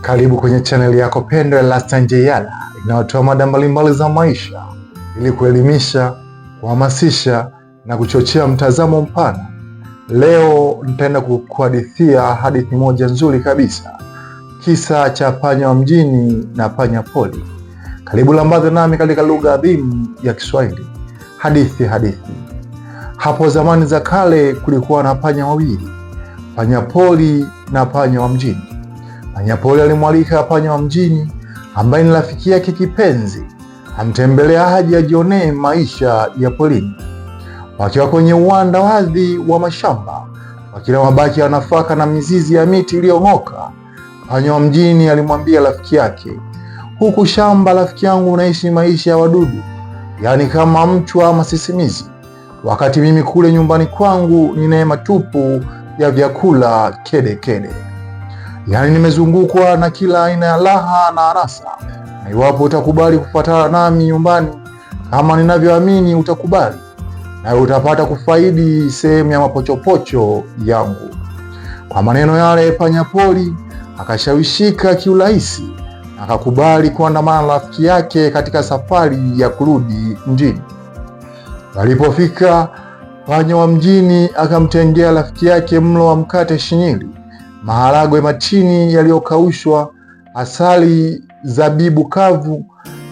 Karibu kwenye chaneli yako pendwa ya Lasta Njeyala inayotoa mada mbalimbali za maisha ili kuelimisha, kuhamasisha na kuchochea mtazamo mpana. Leo nitaenda kukuhadithia hadithi moja nzuri kabisa, kisa cha panya wa mjini na panya poli Karibu lambaze nami katika lugha adhimu ya Kiswahili. Hadithi hadithi. Hapo zamani za kale kulikuwa na panya wawili, panya poli na panya wa mjini. Panyapoli alimwalika panya wa mjini ambaye ni rafiki yake kipenzi amtembelea Haji ajionee maisha ya polini. Wakiwa kwenye uwanda wazi wa mashamba wakila mabaki ya nafaka na mizizi ya miti iliyong'oka, panya wa mjini alimwambia rafiki yake, huku shamba rafiki yangu unaishi maisha ya wadudu, yaani kama mchwa ama sisimizi, wakati mimi kule nyumbani kwangu ni neema tupu ya vyakula kedekede kede yaani nimezungukwa na kila aina ya raha na arasa na iwapo utakubali kufuatana nami nyumbani kama ninavyoamini utakubali, nawe utapata kufaidi sehemu ya mapochopocho yangu. Kwa maneno yale, panyapoli akashawishika kiurahisi akakubali kuandamana na rafiki yake katika safari ya kurudi mjini. Walipofika, panya wa mjini akamtengea rafiki yake mlo wa mkate shinyili maharagwe machini yaliyokaushwa, asali, zabibu kavu,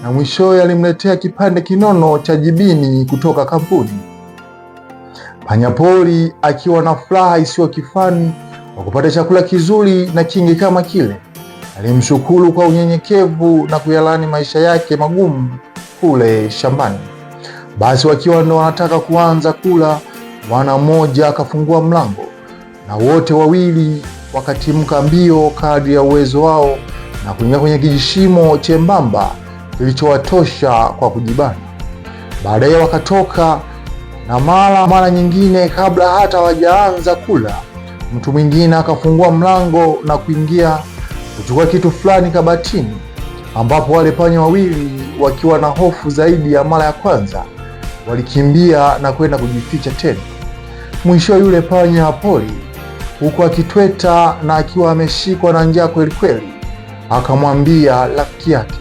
na mwishowe alimletea kipande kinono cha jibini kutoka kampuni. Panyapoli akiwa na furaha isiyo kifani kwa kupata chakula kizuri na kingi kama kile, alimshukuru kwa unyenyekevu na kuyalani maisha yake magumu kule shambani. Basi wakiwa ndo wanataka kuanza kula, mwana mmoja akafungua mlango na wote wawili wakatimka mbio kadri ya uwezo wao na kuingia kwenye kijishimo chembamba kilichowatosha kwa kujibana. Baadaye wakatoka na mara mara nyingine, kabla hata wajaanza kula, mtu mwingine akafungua mlango na kuingia kuchukua kitu fulani kabatini, ambapo wale panya wawili wakiwa na hofu zaidi ya mara ya kwanza walikimbia na kwenda kujificha tena. Mwisho yule panya pori huku akitweta na akiwa ameshikwa na njaa kwelikweli. Akamwambia rafiki yake,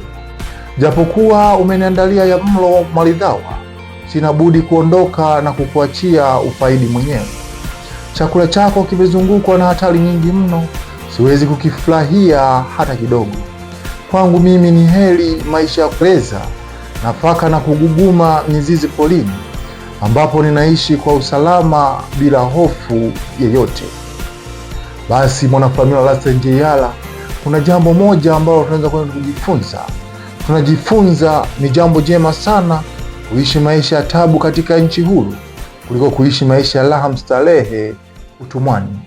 japokuwa umeniandalia ya mlo maridhawa, sina budi kuondoka na kukuachia ufaidi mwenyewe. Chakula chako kimezungukwa na hatari nyingi mno, siwezi kukifurahia hata kidogo. Kwangu mimi ni heri maisha ya kuleza nafaka na kuguguma mizizi polini, ambapo ninaishi kwa usalama bila hofu yeyote. Basi mwanafamilia wa Lasta Njeihala, kuna jambo moja ambalo tunaweza kwenda kujifunza. Tunajifunza ni jambo jema sana kuishi maisha ya tabu katika nchi huru kuliko kuishi maisha ya raha mstarehe utumwani.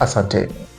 Asanteni.